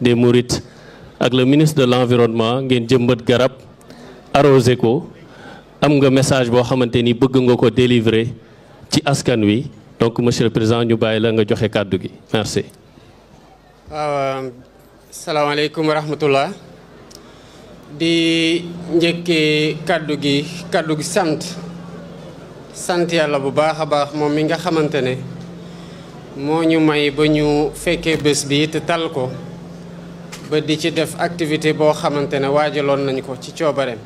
des Mourides ak le ministre de l'environnement ngeen jëmbat garab arrosé ko am nga message boo xamante ni bëgg nga ko délivrer ci askan wi donc monsieur le président ñu bàyyi la nga joxe kàddu gi merci. waaw salaamaaleykum wa di njëkkee kàddu gi kàddu gi sant sant yàlla bu baax a baax moom mi nga xamante ne. moo ñu may ba ñu fekkee bés bi te tal ko ba di ci def activité boo xamante ne waajaloon nañ ko ci coobareem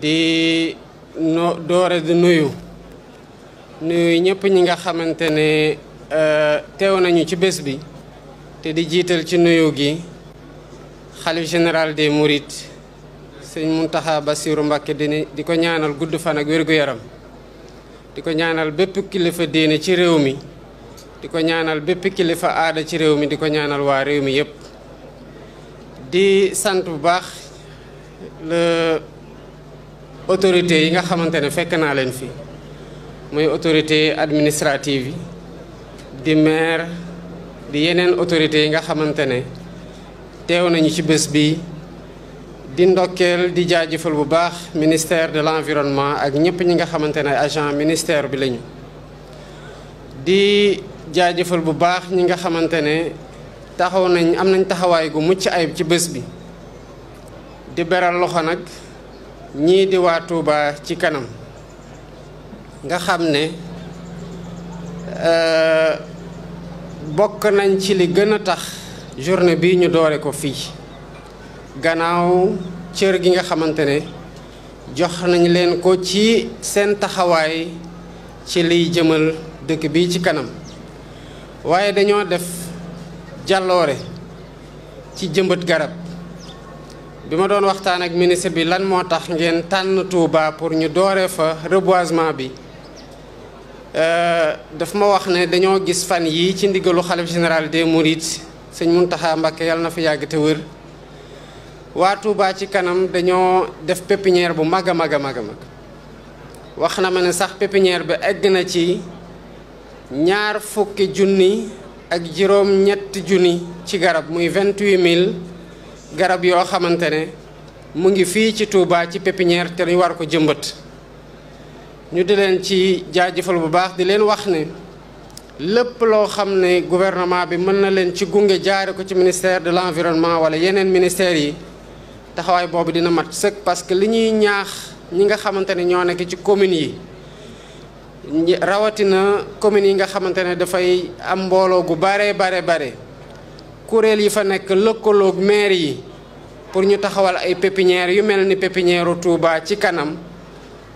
di no doore di nuyu nuyu ñëpp ñi nga xamante ne euh, teew nañu ci bés bi te di jiital ci nuyu gi xalif général des mourides sëñ taxa Basiru Mbàkke di ko ñaanal gudd fan ak wér-gu-yaram di ko ñaanal bépp kilifa diine ci réew mi di ko ñaanal bépp kilifa aada ci réew mi di ko ñaanal waa réew mi yépp di sant bu baax le autorité yi nga xamante ne fekk naa leen fi muy autorité administrative yi di maire di yeneen autorité yi nga xamante ne teew nañu ci bés bi di ndokel di jaajëfal bu baax ministère de l'environnement ak ñepp ñi nga xamantene agent ministère bi lañu di jaajëfal bu baax ñi nga xamantene taxaw nañ am nañ taxaway gu mucc ayib ci bëss bi di béral loxo nak ñi di wa Touba ci kanam nga xamne euh bok nañ ci li gëna tax journée bi ñu doore ko fi gannaaw cër gi nga xamante ne jox nañ leen ko ci seen taxawaay ci liy jëmal dëkk bi ci kanam waaye dañoo def jàlloore ci jëmbat garab bi ma doon waxtaan ak ministre bi lan moo tax ngeen tànn Touba pour ñu doore fa reboisement bi euh, dafa ma wax ne dañoo gis fan yi ci ndigalu xalif général des Mourides sëñ Mountakha Mbacké yàlla na fi yàgg te wër waa Touba ci kanam dañoo def pépinière bu mag a mag a mag a mag wax na ma ne sax pépinière bi egg na ci ñaar fukki junni ak juróom ñetti junni ci garab muy vingt-huit mille garab yoo xamante ne mu ngi fii ci Touba ci pépinière te ñu war ko jëmbat ñu di leen ci jaajëfal bu baax di leen wax ne lépp loo xam ne gouvernement bi mën na leen ci gunge jaare ko ci ministère de l'environnement wala yeneen ministères yi taxawaay boobu dina mat sëkk parce que li ñuy ñaax ñi nga xamante ne ñoo nekk ci communes yi rawatina communes yi nga xamante ne dafay am mbooloo gu bare bare bare kuréel yi fa nekk lëkkaloog maire yi pour ñu taxawal ay pépinières yu mel ni pépinière Touba ci kanam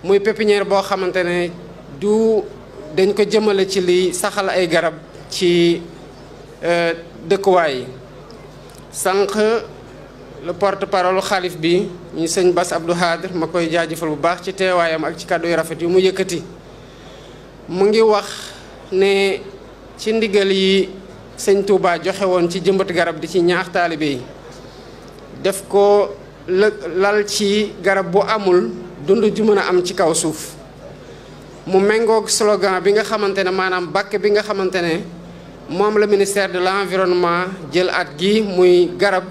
muy pépinière boo xamante ne du dañ ko jëmale ci li saxal ay garab ci euh, dëkkuwaay yi sànq le porte-parole Khalif bi ñu seigne Bass Abdou hadir makoy koy bu baax ci teewaayam ak ci cadeau yu rafet yu mu yëkëti mu ngi wax ne ci ndigal yi seigne Touba joxe won ci jëmbat garab di ci ñaax talibé def ko lal ci garab bu amul dundu ju mëna am ci kaw suuf mu méngoog slogan bi nga xamantene ne bakke bi nga xamantene mom le ministère de l'environnement jël at gi muy garab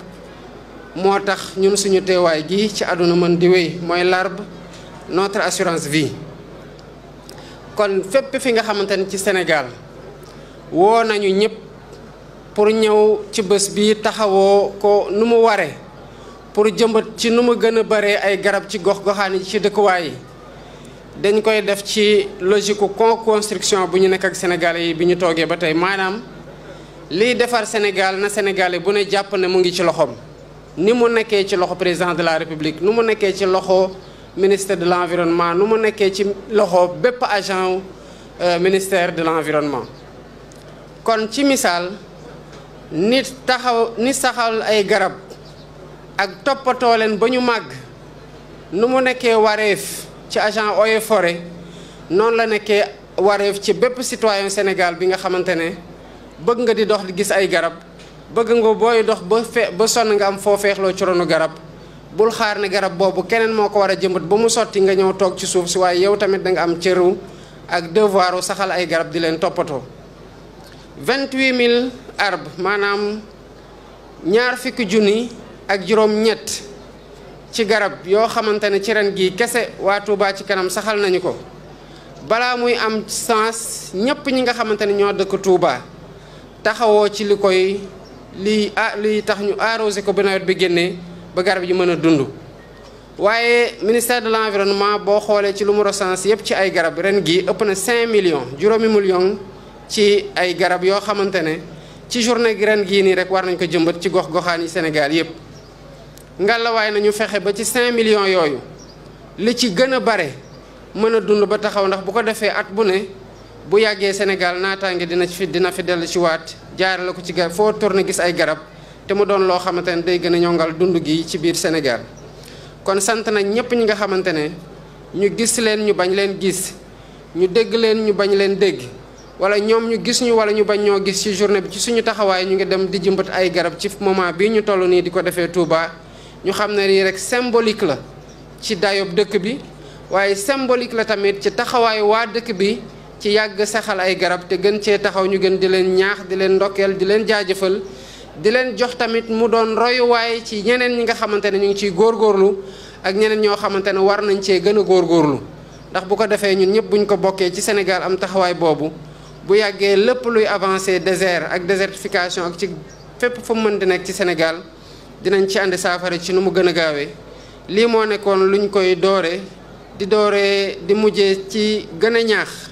moo tax ñun suñu teewaay gi ci àdduna mën di wéy mooy l'arbre notre assurance vie kon fépp fi nga xamante ni ci Sénégal woo nañu ñëpp pour ñëw ci bés bi taxawoo ko nu mu waree pour jëmbat ci nu mu gën a baree ay garab ci gox goxaan yi ci dëkkuwaay yi dañ koy def ci logique co-construction bu ñu nekk ak Sénégalais yi bi ñu toogee ba tey maanaam liy Sénégal na Sénégalais bu ne jàpp ne mu ngi ci loxoom. ni mu nekkee ci loxo président de la république nu mu nekkee ci loxo ministère de l'environnement, environnement nu mu nekkee ci loxo bépp agent euh, ministère de l'environnement. environnement kon ci misaal nit taxaw ni saxal ay garab ak toppatoo leen ba ñu màgg nu mu nekkee wareef ci agent Eaux forêt noonu la nekkee wareef ci bépp citoyen Sénégal bi nga xamante ne bëgg nga di dox di gis ay garab bëgg nga booy dox ba fe ba son nga am foo feexloo ci ronu garab bul xaar ne garab boobu keneen moo ko war a jëmbat ba mu sotti nga ñëw toog ci suuf si waaye yow tamit da nga am cëru ak devoiru saxal ay garab di leen toppatoo vingt mille maanaam ñaar fukki junni ak juróom-ñett ci garab yoo xamante ne ci ren gii kese waa Touba ci kanam saxal nañu ko balaa muy am sens ñépp ñi nga xamante ne ñoo dëkk Touba taxawoo ci li koy lii ah lii tax ñu arrosé ko ba bi génnee ba garab yi mën a dund waaye ministère de l' environnement boo xoolee ci lu mu recensé yëpp ci ay garab ren gii ëpp na 5 millions juróomi million ci ay garab yoo xamante ne ci journée gi ren gii nii rek war nañ ko jëmbat ci gox goxaan yi Sénégal yëpp ngalawaay na ñu fexe ba ci 5 millions yooyu li ci gën a bare mën a dund ba taxaw ndax bu ko defee at bu ne. bu yàggee Sénégal naataange dina fi dina fi dellu ci waat jaare la ko ci garab foo tourné gis ay garab te mu doon loo xamante ne day gën a ñongal dund gi ci biir Sénégal kon sant nañ ñëpp ñi nga xamante ne ñu gis leen ñu bañ leen gis ñu dégg leen ñu bañ leen dégg wala ñoom ñu gis ñu wala ñu bañ ñoo gis ci journée bi ci suñu taxawaay ñu ngi dem di jëmbat ay garab ci moment bii ñu toll nii di ko defee Touba ñu xam ne lii rek symbolique la ci dayob dëkk bi waaye symbolique la tamit ci taxawaayu waa dëkk bi ci yàgg saxal ay garab te gën cee taxaw ñu gën di leen ñaax di leen ndokkeel di leen jaajëfal di leen jox tamit mu doon royuwaay ci ñeneen ñi nga xamante ne ñu ngi ciy góorgóorlu ak ñeneen ñoo xamante ne war nañ cee gën a góorgóorlu ndax bu ko defee ñun ñëpp buñ ko bokkee ci Sénégal am taxawaay boobu bu yàggee lépp luy avancé désert ak désertification ak ci fépp fu mu mën di nekk ci senegal dinañ ci ànd saafara ci nu mu gën a gaawee lii moo nekkoon lu ñu koy doore di doore di mujjee ci gën a ñaax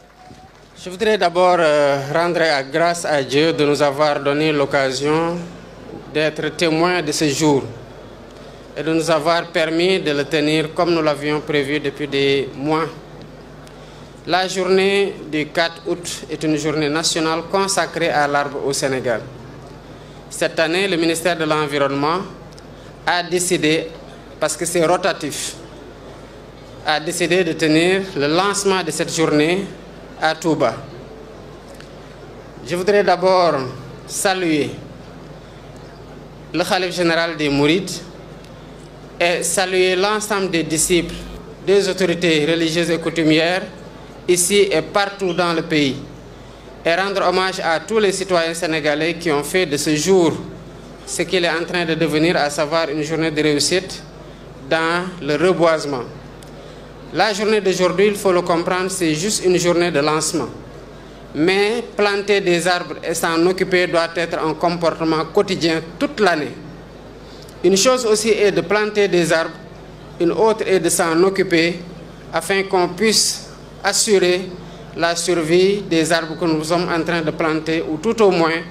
Je voudrais d'abord euh, rendre grâce à Dieu de nous avoir donné l'occasion d'être témoin de ce jour et de nous avoir permis de le tenir comme nous l'avions prévu depuis des mois. La journée du 4 août est une journée nationale consacrée à l'arbre au Sénégal. Cette année, le ministère de l'Environnement a décidé, parce que c'est rotatif, a décidé de tenir le lancement de cette journée à Je voudrais d'abord saluer le Khalif général des Mourides et saluer l'ensemble des disciples des autorités religieuses et coutumières ici et partout dans le pays et rendre hommage à tous les citoyens sénégalais qui ont fait de ce jour ce qu'il est en train de devenir, à savoir une journée de réussite dans le reboisement. La journée d'aujourd'hui, il faut le comprendre, c'est juste une journée de lancement. Mais planter des arbres et s'en occuper doit être un comportement quotidien toute l'année. Une chose aussi est de planter des arbres, une autre est de s'en occuper afin qu'on puisse assurer la survie des arbres que nous sommes en train de planter ou tout au moins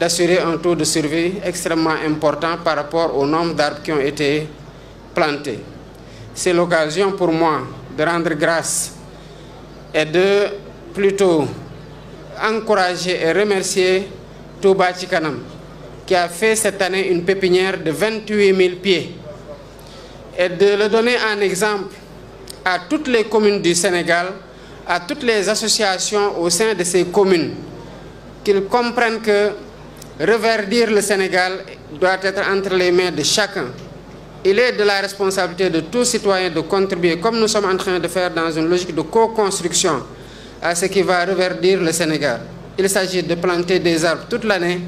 d'assurer un taux de survie extrêmement important par rapport au nombre d'arbres qui ont été plantés. C'est l'occasion pour moi de rendre grâce et de plutôt encourager et remercier Touba Chikanam qui a fait cette année une pépinière de 28 000 pieds et de le donner en exemple à toutes les communes du Sénégal, à toutes les associations au sein de ces communes, qu'ils comprennent que reverdir le Sénégal doit être entre les mains de chacun. Il est de la responsabilité de tout citoyen de contribuer, comme nous sommes en train de faire dans une logique de co-construction, à ce qui va reverdir le Sénégal. Il s'agit de planter des arbres toute l'année,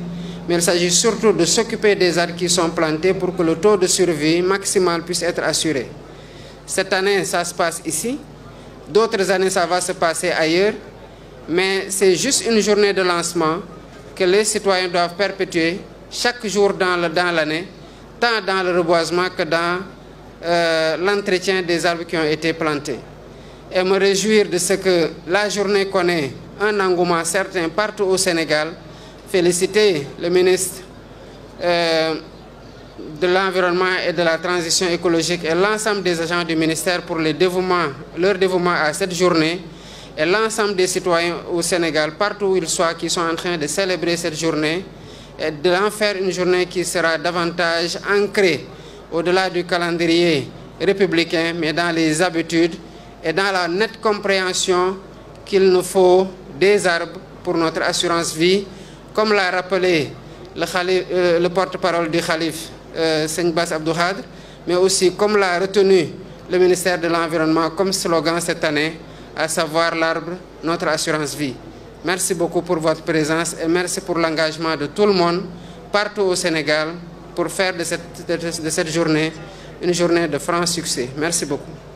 mais il s'agit surtout de s'occuper des arbres qui sont plantés pour que le taux de survie maximal puisse être assuré. Cette année, ça se passe ici. D'autres années, ça va se passer ailleurs. Mais c'est juste une journée de lancement que les citoyens doivent perpétuer chaque jour dans l'année tant dans le reboisement que dans euh, l'entretien des arbres qui ont été plantés. Et me réjouir de ce que la journée connaît un engouement certain partout au Sénégal. Féliciter le ministre euh, de l'Environnement et de la Transition écologique et l'ensemble des agents du ministère pour leur dévouement à cette journée et l'ensemble des citoyens au Sénégal, partout où ils soient, qui sont en train de célébrer cette journée et l'en faire une journée qui sera davantage ancrée au-delà du calendrier républicain, mais dans les habitudes et dans la nette compréhension qu'il nous faut des arbres pour notre assurance vie, comme l'a rappelé le, euh, porte-parole du Khalif, euh, Abdouhad mais aussi comme l'a retenu le ministère de l'Environnement comme slogan cette année, à savoir l'arbre, notre assurance vie. Merci beaucoup pour votre présence et merci pour l'engagement de tout le monde partout au Sénégal pour faire de cette, de, cette journée une journée de franc succès. Merci beaucoup.